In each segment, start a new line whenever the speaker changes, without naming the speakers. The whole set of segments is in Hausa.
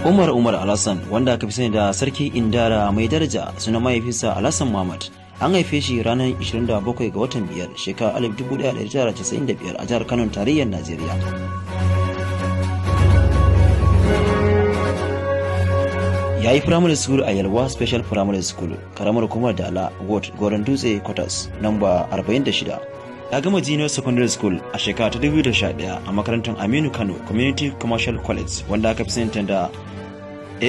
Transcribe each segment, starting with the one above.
Umar Umar Alassan wanda aka fi sani da Sarki Indara mai daraja suna mahaifinsa Alassan Muhammad an haife shi ranar 27 ga watan biyar shekarar 1995 a jihar Kano tarayyar Najeriya. Ya yi firamare school a Yalwa Special Firamare School, karamar kuma da Ala Ward, Goron Dutse Quarters, namba 46. ya gama junior secondary school a shekara ta 2011 a makarantar aminu kano community commercial college wanda aka fi saninta da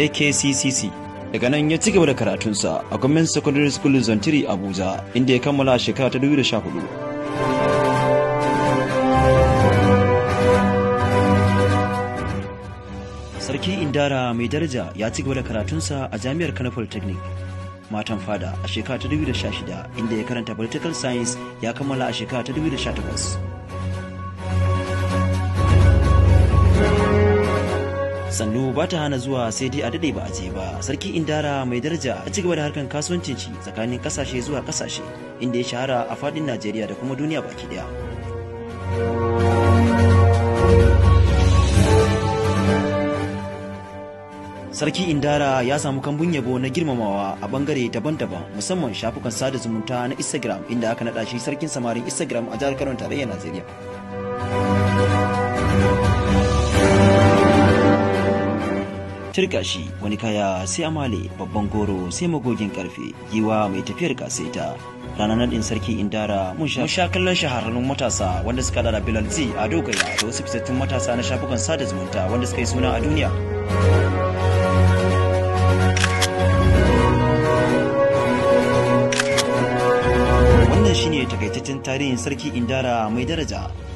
akccc daga nan ya ci gaba da karatunsa a gwamnan secondary school zontiri abuja inda ya kammala a shekara ta 2014 sarki indara mai daraja ya ci gaba da karatunsa a jami'ar kano polytechnic matan fada a shekara ta 2016 inda ya karanta political science ya kammala a shekara ta 2018 sannu ba ta hana zuwa sai dai a dade ba a je ba sarki indara mai daraja a cigaba da harkar kasuwancin shi tsakanin kasashe zuwa kasashe inda ya shahara a fadin najeriya da kuma duniya baki daya Sarki Indara ya samu kambun yabo na girmamawa a bangare daban-daban musamman shafukan sada zumunta na Instagram inda aka nada shi sarkin samarin Instagram a jihar Kano tarayyar Najeriya. Turka wani kaya sai amale babban goro sai magogin karfe giwa mai tafiyar kasaita ranar nadin sarki indara mun sha kallon shahararrun matasa wanda suka dada bilal z a dogaya da wasu fitattun matasa na shafukan sada zumunta wanda suka yi suna a duniya. tarihin sarki indara mai daraja